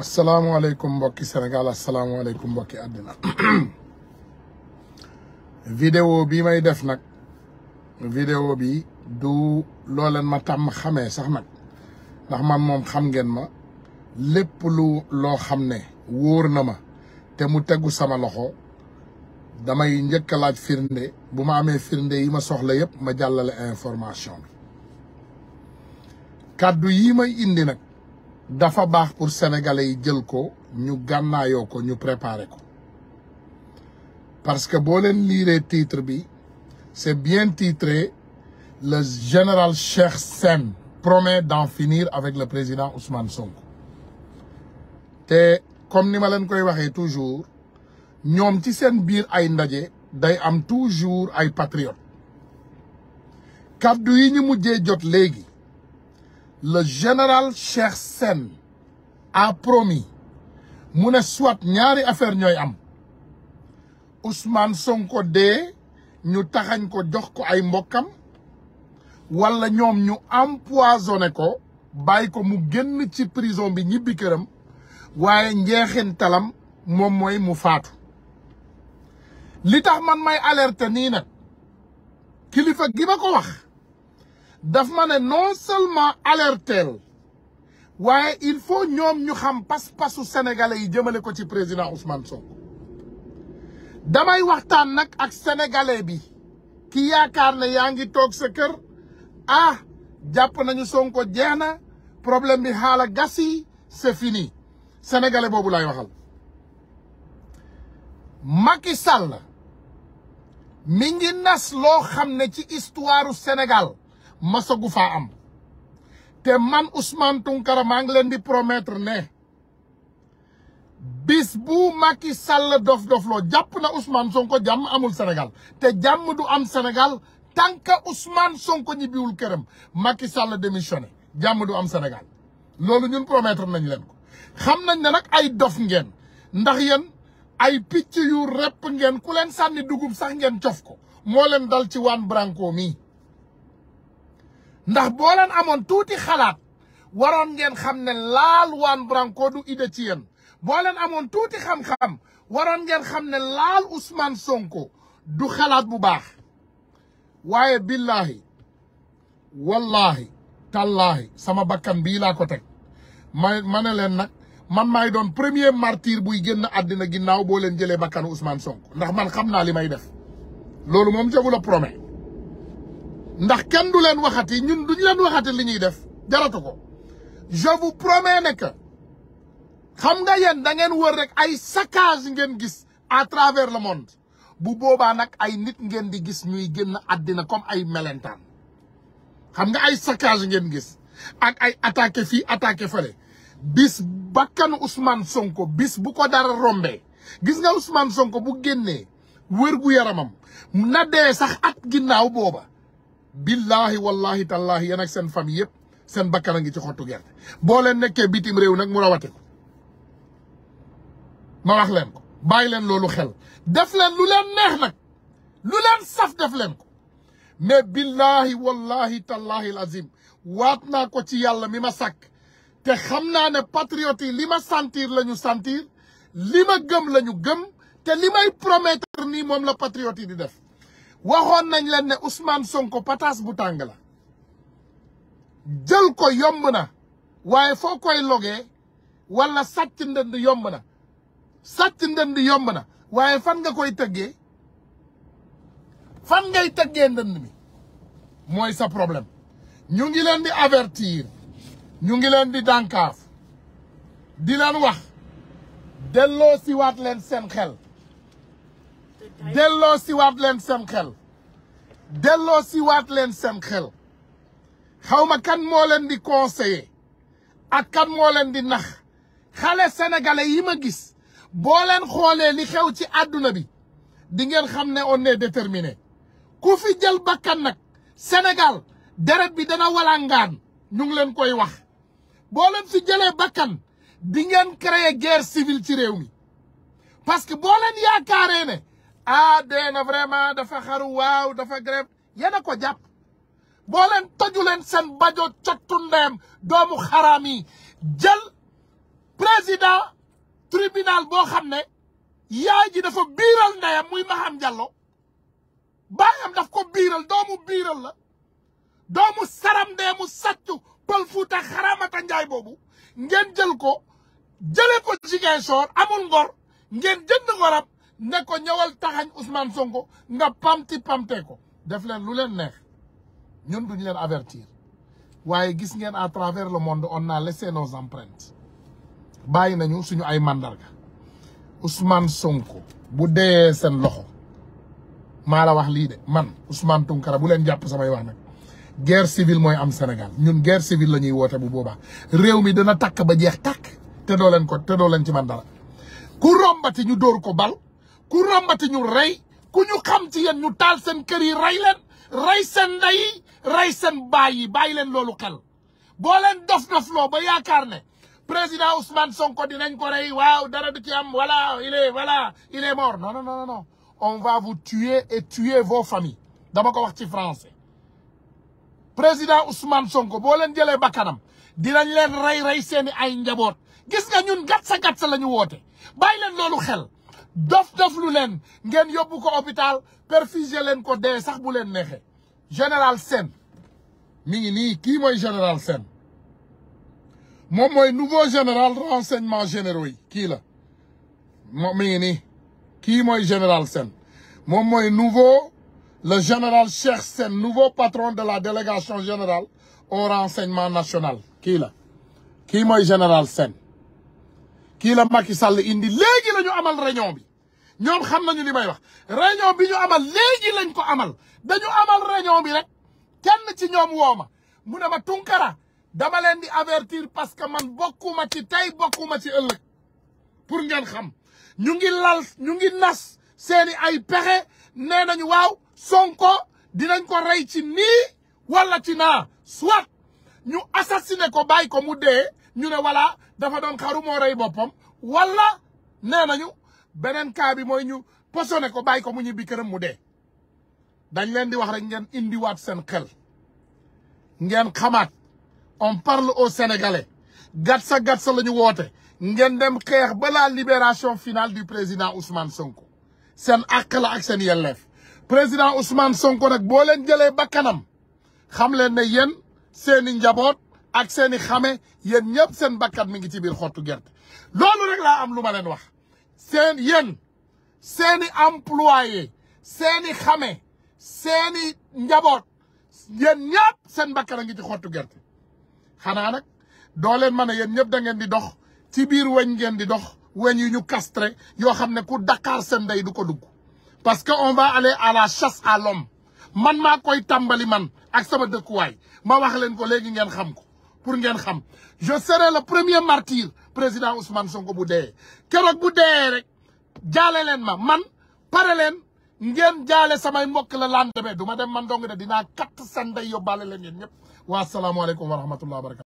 asalaamaaleykum mbokki Sénégal asalaamaaleykum mbokki àddina vidéo bi may def nag vidéo bi du loo ma tàmm xamee sax nag ndax man moom xam ngeen ma lépp lu loo xam ne wóor na ma te mu tegu sama loxo damay njëkk laaj firnde bu ma amee firnde yi ma soxla yépp ma jàllale information bi kàddu yi may indi nag dafa baax pour sénégalais yi jël ko ñu gànnaayoo ko ñu préparer ko parce que boo leen liiree titre bi c'est bien titré le général Cheikh Sène promet d'en finir avec le président Ousmane Sonko te comme ni ma leen koy waxee toujours ñoom ci seen biir ay ndaje day am toujours ay patriotes kaddu yi ñu mujjee jot léegi le général Cheikh Sène a promis mu ne soit ñaari affaire ñooy am Ousmane Sonko dee ñu taxañ ko jox ko ay mbokkam wala ñoom ñu empoisonné ko bàyyi ko mu génn ci prison bi ñibbi këram waaye njeexin moom mooy mu faatu li tax man may alerte nii nag kilifa gi ma ko wax daf ma ne non seulement alerteel waaye il faut ñoom ñu xam pas-pasu sénégalais yi jëmale ko ci président Ousmane Sonko damay waxtaan nag ak sénégalais bi ki yaakaar ne yaa ngi toog sa kër ah jàpp nañu Sonko jeex na problème bi xaala gasi yi c'est fini sénégalais boobu lay waxal Macky Sall mi ngi nas loo xam ne ci istuwaaru senegal gu faa am te man Ousmane Tounkara maa ngi leen di promettre ne bis bu Macky Sall dof-dofloo jàpp na Ousmane Sonko jàmm amul Sénégal te jàmm du am Sénégal tant que Ousmane Sonko ñibbiwul këram Macky Sall démissionné jàmm du am Sénégal loolu ñun promettre nañ leen ko xam nañ ne nag ay dof ngeen ndax yéen ay picc yu rëpp ngeen ku leen sànni dugub sax ngeen cof ko moo leen dal ci Juan Branco mii ndax boo leen amoon tuuti xalaat waroon ngeen xam ne laal waan Branco du idée ci yéen boo leen amoon tuuti xam-xam waroon ngeen xam ne laal Ousmane Sonko du xalaat bu baax waaye billahi wallahi tallaahi sama bakkan bii laa ko teg ma ma ne leen nag man maay doon premier martyr buy génn àddina ginnaaw boo leen jëlee bakkanu Ousmane Sonko ndax man xam naa li may def loolu moom je vous le ndax kenn du leen waxati ñun duñ leen waxati li ñuy def jaratu ko je vous promets ne que xam nga yéen da ngeen wër rek ay saccage ngeen gis à travers le monde bu boobaa nag ay nit ngeen di gis ñuy génn àddina comme ay melentaan xam nga ay saccage ngeen gis ak ay attaqué fii attaqué fële bis bakkanu Ousmane Sonko bis bu ko dara rombee gis nga Ousmane Sonko bu génnee wër gu yaramam na dee sax at ginnaaw booba billaahi wallaahi tallaahi yéen ak seen famille yëpp seen bakkan a ngi ci xottu gerte boo leen nekkee bitim réew nag mu rawati ko ma wax leen ko bàyyi leen loolu xel def leen lu leen neex nag lu leen saf def leen ko mais billaahi wallaahi tallaahi azim waat naa ko ci yàlla mi ma sàkk te xam naa ne patriote yi li ma sentir lañu ñu sentir li ma gëm lañu gëm te li may promettre nii moom la patriote yi di def waxoon nañ leen ne Ousmane Sonko pataas bu tàng la jël ko yomb na waaye foo koy logee wala sàcc ndënd yomb na sàcc ndënd yomb na waaye fan nga koy tëggee fan ngay tëggee ndënd mi mooy sa problème ñu ngi leen di avertir ñu ngi leen di dànkaaf di leen wax delloo siwaat leen seen xel delloo siwaat leen seen xel delloo si waat leen seen xel xawma kan moo leen di conseiller ak kan moo leen di nax xale sénégalais yi ma gis boo leen xoolee li xew ci àdduna bi di ngeen xam ne on est déterminé ku fi jël bakkan nag Sénégal deret bi dana walangaan ñu ngi leen koy wax boo leen fi jëlee bakkan di ngeen créer guerre civile ci réew mi parce que boo leen yaakaaree ah dee vraiment dafa xaru waaw dafa grève yéen ko jàpp boo leen seen bajo cottu ndeem doomu xaraam yi jël président tribunal boo xam ne yaay ji dafa biiral ndeyam muy Maham Diallo baayam daf ko biiral doomu biiral la doomu saram ndeemu sàccu pël fuuta xaraamata njaay boobu njeen jël ko jële ko Ziguinchor amul ngor ngeen jënd ngoram ne ñawal ñëwal taxañ Ousmane Sonko nga pamti pamtee ko def leen lu leen neex ñun duñ leen avertir waaye gis ngeen à travers le monde on a laissé nos empreintes na ñu suñu ay mandarga usman Sonko bu dee seen loxo maa la wax lii de man Ousmane Tounkara bu leen jàpp samay wax nag guerre civile mooy am Sénégal ñun guerre civile la ñuy woote bu booba réew mi dana takk ba jeex takk te doo leen ko te doo leen ci man dara ku rombati ñu dóor ko bal ku rombati ñu rey ku ñu xam ci yéen ñu taal seen kër yi rey leen rey seen ndey yi rey seen baay yi bàyyi leen loolu xel boo leen dof-dofloo ba yaakaar ne président Ousmane Sonko dinañ ko rey waaw dara du ci am voilà il est voilà il est mort non non non non on va vous tuer et tuer vos familles dama ko wax ci français président Ousmane Sonko boo leen jëlee bakkanam dinañ leen rey rey seeni ay njaboot gis nga ñun gatsa gatsa la ñu woote bàyyi leen loolu xel dof dof leen ngeen yóbbu ko hôpital perfusé leen ko dee sax bu leen neexee général Sène mi ngi nii kii mooy général Sène moom mooy nouveau général renseignement généraux yi kii la moom mi ngi nii kii mooy général Sène moom mooy nouveau le général Cheikh Sène nouveau patron de la délégation général au renseignement national kii la kii mooy général sen kii la Macky Sall indi léegi la ñu amal réunion bi ñoom xam nañu li may wax réunion bi ñu amal léegi lañ ko amal dañu amal réunion bi rek kenn ci ñoom woo ma mu ne ma Tunkara dama leen di avertir parce que man bokkuma ci tey bokkuma ci ëllëg pour ngeen xam ñu ngi lal ñu ngi nas seeni ay pexe nee nañu waaw Sonko dinañ ko rey ci nii walla ci naa soit ñu assassiné ko bàyyi ko mu dee ñu ne voilà dafa doon xaru moo rey boppam wala nee nañu beneen cas bi mooy ñu posone ko bàyyi ko mu ñibbi këram mu dee dañ leen di wax rek ngeen indiwaat seen xel ngeen xamaat on parle au sénégalais gatsa gatsa la ñu woote ngeen dem xeex ba la libération finale du président Ousmane Sonko seen àq ak seen yelleef président Ousmane Sonko nag boo leen jëlee bakkanam xam leen ne yéen seeni njaboot ak seeni xame yéen ñëpp seen bakkat mi ngi ci biir xottu gerte loolu rek laa am lu ma leen wax seen yen seeni employé seeni xame seeni njaboot yéen ñëpp seen bakkan a ngi ci xottu gerte xanaa nag doo leen mën a yéen ñëpp da ngeen di dox ci biir weñ ngeen di dox weñ yu ñu castré yoo xam ne ku Dakar seen day du ko dugg parce que on va aller à la chasse à l'homme man maa koy tàmbali man ak sama dëkkuwaay ma wax leen ko léegi ngeen xam ko pour ngeen xam je serai la premier martyr président Ousmane Sonko bu dee keroog bu dee rek jaale leen ma man pare leen ngeen jaale samay mbokk la lendemain du ma dem man dong de dinaa katt sanda yóbbaale leen yéen ñëpp wa salaamu aleykum wa rahmatullah wa barakatu